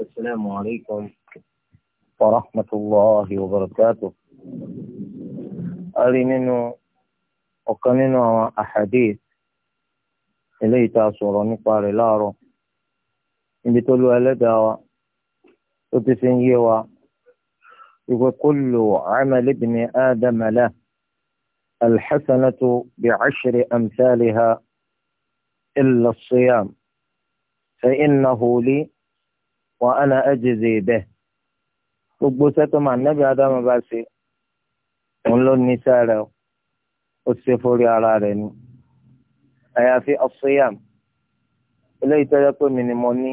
السلام عليكم ورحمة الله وبركاته أري منه وكان أحاديث إلي تأثر نقار لارو إن بتولو ألدى وتسنيوا يقول كل عمل ابن آدم له الحسنة بعشر أمثالها إلا الصيام فإنه لي wa ana ajzi bih gbogbo sẹ́tọ́mà nẹ́bí ádámù bá ṣe òun ló ní iṣẹ́ rẹ̀ ó ṣe forí ara rẹ̀ ni àyàfi ọ̀ṣọ́yàm eléyìí tọ́jọ́ pé mi ni mo ní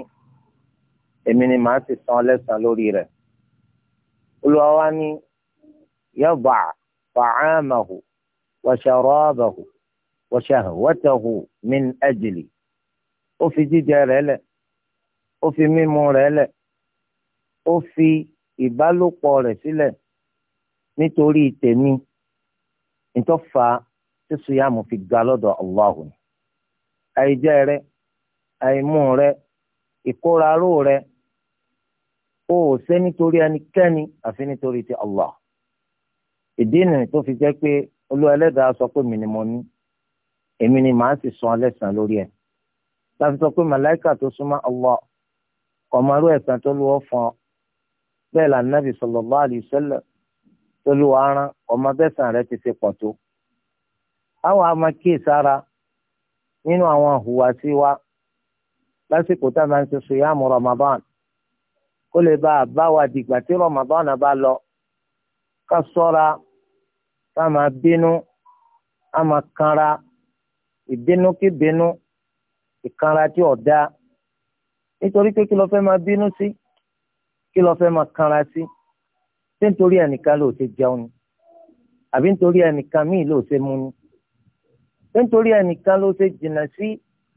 èmi ni màá ti san lẹ́sàn lórí rẹ̀ olùwà wa ní yọ̀bà fàámàhù wàṣàrọ́bàhù wàṣàhùwàtàhù min ajli ó fi jíjẹ rẹ̀ lẹ̀ ó fi mímu rẹ̀ lẹ̀ ó fi ìbálòpọ̀ rẹ̀ sílẹ̀ nítorí tèmi ìtọ́fà tí sùyàmù fi ga lọ́dọ̀ Allahu àìjẹ rẹ̀ àìmú rẹ̀ ìkóraró rẹ̀ ó ò ṣe nítorí ẹnikẹ́ni àfi nítorí ti Allah ìdí nìyí tó fi jẹ́ pé olú ẹlẹ́dàá sọ pé mi ni mo ní èmi ni màá sì san ẹlẹ́sàn lórí ẹ̀ láti sọ pé màláìkà tó súnmọ́ Allah kọ̀mọ́rú ẹ̀sán tó lù ọ́ fún ọ bẹ́ẹ̀ là nàbì sallallahu alaihi wasallam tó lù wá rán ọmọ bẹ́sàn rẹ ti fi pọ̀ tó. àwọn àmọ́ kíì sára nínú àwọn ìhùwàsí wa lásìkò tá a máa ń ṣe sùyàmù Ramadan kó lè bá a bá wa dìgbà tí Ramadan bá lọ ká sọ́ra ká máa bínú á máa kanra ìbínú kí bínú ìkanra tí ò dáa nítorí pé kí ló fẹ́ máa bínú sí kí ló fẹ́ máa kanra sí ṣé nítorí ẹnìkan ló ṣe jẹun ni àbí nítorí ẹnìkan míì ló ṣe mú ni ṣé nítorí ẹnìkan ló ṣe jìnnà sí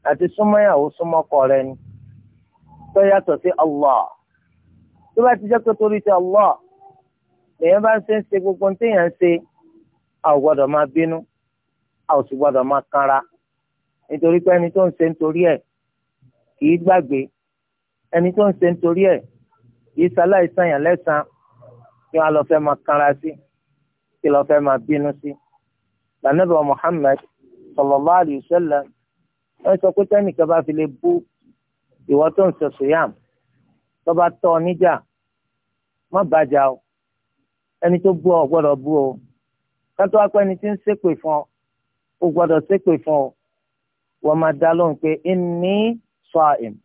àti súnmọ́yàwó súnmọ́kọ rẹ ni tó yàtọ̀ sí Allah tó bá ti jẹ́ pé torí ti Allah lèyìn bá ń ṣe ń ṣe gbogbo téèyàn ń ṣe a ò gbọ́dọ̀ máa bínú a ò sì gbọ́dọ̀ máa kanra nítorí pé ẹni tó ń ṣe nítorí ẹ̀ kì í gbàgbé ẹni tó ń ṣe nítorí ẹ̀ yìí ṣaláìsàn yàn lẹ́sàn kí wọ́n lọ fẹ́ máa kanra sí kí lọ́ọ́ fẹ́ máa bínú sí. lànàbà Muhammad sallallahu alayhi wa sallam wọ́n sọ pé tẹ́nìkan bá fi lè bú ìwọ tó ń sọ sùyàm tó bá tọ́ ọ níjà má bàjá o ẹni tó bú ọ gbọ́dọ̀ bú o kátó apẹ́ ẹni tí ń ṣépè fún ọ ó gbọ́dọ̀ ṣépè fún ọ wọ́n máa dá lóhùn pé inni ṣa'im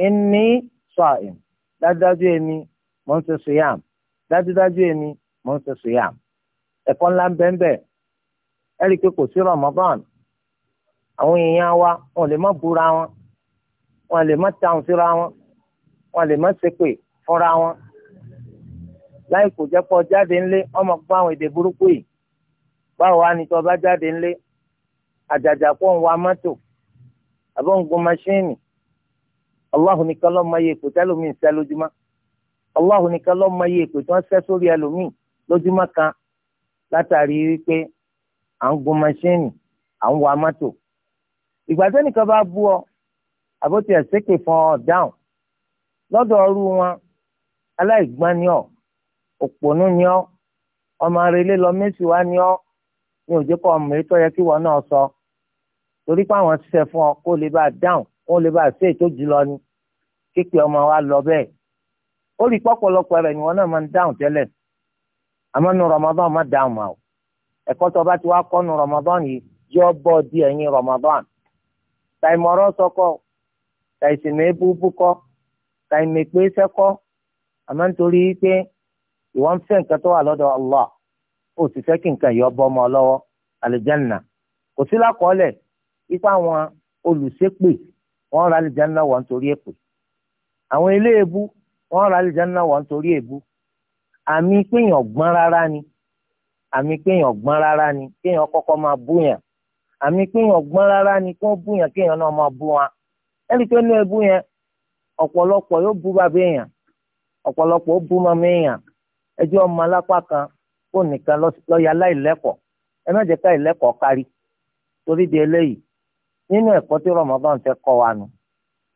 inni sa'im dájúdájú èmi mò ń ṣe siyam dájúdájú èmi mò ń ṣe siyam ẹ̀kọ́ ńlá ń bẹ́ẹ̀ bẹ́ẹ̀ ẹ̀rí pé kò sí Ramadan àwọn èèyàn wa wọn lè má búra wọn wọn lè má tàun síra wọn wọn lè má ṣépè fúnra wọn láì kò jẹ́ pọ̀ jáde ńlé ọmọ gbọ́ àwọn èdè burúkú yìí báwo wá ní tó bá jáde ńlé àjàjà kó ń wa mọ́tò àbọ̀ ń gun maṣíìnì Allahu nìkan ló mọ iye èpè tí ẹlòmíì ń sẹ́ lójúmọ́ Allahu nìkan ló mọ iye èpè tí wọ́n sẹ́ sórí ẹlòmíì lójúmọ́ kan látàrí wípé à ń gun maṣíìnì à ń wa mọ́tò ìgbà tó nìkan bá bú ọ àbótí ẹ̀sẹ̀kè fún ọ dáhùn lọ́dọ̀ ọrú wọn aláìgbọ́n ni ọ òpònú ni ọ ọmọ arẹlẹ lọ mẹ́sì wá ni ọ ní òjò ọmọ ètò yẹ kí wọn náà sọ torí pé àwọn ṣiṣẹ́ fún ọ kó lè bá dáhùn wọn lè bá ṣe ètò jùlọ ni kéèké ọmọ wa lọ bẹ́ẹ̀ ó rí pọpọlọpọ rẹ ni wọn náà máa ń dáhùn tẹ́lẹ̀ àmọ́ nu Ramadan má dáhùn mà o ẹ̀kọ́ tó bá ti wá kọ́ nu Ramadan yìí yọ bọ di ẹ̀yìn Ramadan tàìmọ̀rọ̀ sọkọ tàìsìmẹ búbú kọ tàìmẹpẹ sẹkọ àmọ́ nítorí pé ìwọ ń fẹ́ nǹkan tó wà lọ́dọ̀ Allah ó sì fẹ́ kí nǹkan yọ bọ ọmọ lọ́wọ́ àlùjánnà kò sí lákọọ́lẹ̀ ipa àwọn olùṣépè wọ́n ra àlìjáná wọ̀ nítorí èpè àwọn ilé eléèbú wọ́n ra àlìjáná wọ̀ nítorí èbú àmì péyàn gbọn rárá ni àmì péyàn gbọn rárá ni kéèyàn máa àmì péyàn gbọn rárá ni kó o kéèyàn náà máa bú wọn ẹni tó ní yẹn yóò bú bàbá ọ̀pọ̀lọpọ̀ ó bú èèyàn ọmọ alápá kan kó nìkan ya ẹ má nínú ẹ̀kọ́ tí Ramadan fẹ́ kọ́ wa nù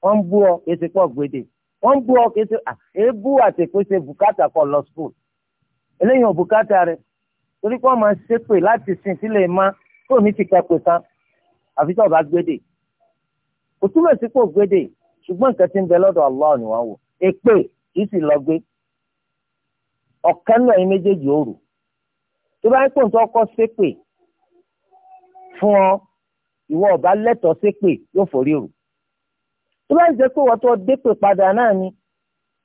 wọ́n ń bú ọ kìí ṣe pọ̀ gbèdè wọ́n ń bú ọ kìí ṣe èébú àti ìpèsè bùkátà kọ lọ school eléyìí ò bùkátà rẹ torí pé wọ́n máa ṣépè láti sìn sílẹ̀ má kó ní ti kẹ́pẹ́ kan àfi tí ọba gbèdè kò túmọ̀ sí pò gbèdè ṣùgbọ́n nǹkan ti ń bẹ lọ́dọ̀ Allah ni wọ́n wò èpè kìí sì lọ gbé ọ̀kan náà méjèèjì òru tó bá ń pò ń tọ́ kọ́ ṣépè fún ọ ìwọ ọba lẹ́tọ̀ọ́ ṣépè yóò forí rù tó bá jẹ́ pé wọ́n tó dépè padà náà ni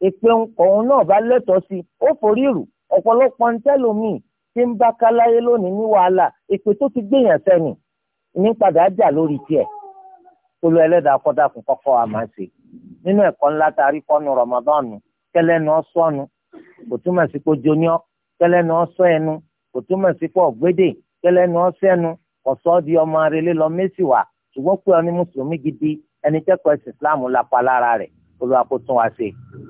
èpè ọ̀hún náà bá lẹ́tọ̀ọ́ sí ó forí rù ọ̀pọ̀lọpọ̀ ń tẹ́lómìn tí ń bá káláyé lónìí ní wàhálà èpè tó ti gbèyàn sẹ́ni ní padà jà lórí tiẹ̀ olú ẹlẹ́dàá kọ́dákùn kọ́kọ́ wa nínú ẹ̀kọ́ ńlá tá a rí kọ́nu rọmọdọ́ọ̀nù kẹlẹ́nu ọ̀sọ́nu kò túmọ̀ sí pé jóníọ́ kẹlẹ́nu ọ̀sọ́ ẹnu kò túmọ̀ sí pé ọ̀gbédè kẹlẹ́nu ọ̀sẹ́nu kọ̀sọ́ di ọmọ arẹlé lọ mẹ́sì wá ṣùgbọ́n pé ọní mùsùlùmí gidi ẹni tẹ́kọ̀ọ́ ẹ̀sìn islam lápá lára rẹ̀ olúwa kó tún wá ṣe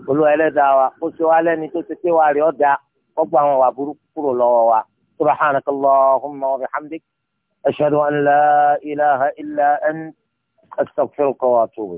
olúwa ẹlẹ́dàá wa kó ṣe wá lẹ́ni tó ṣe pé wá rí ọ̀dà kọ́gbà àwọn wà burúkú kúrò lọ́wọ́ wa subhanaka allahumma wa bihamdik ashhadu an la ilaha illa ant astaghfiruka wa atubu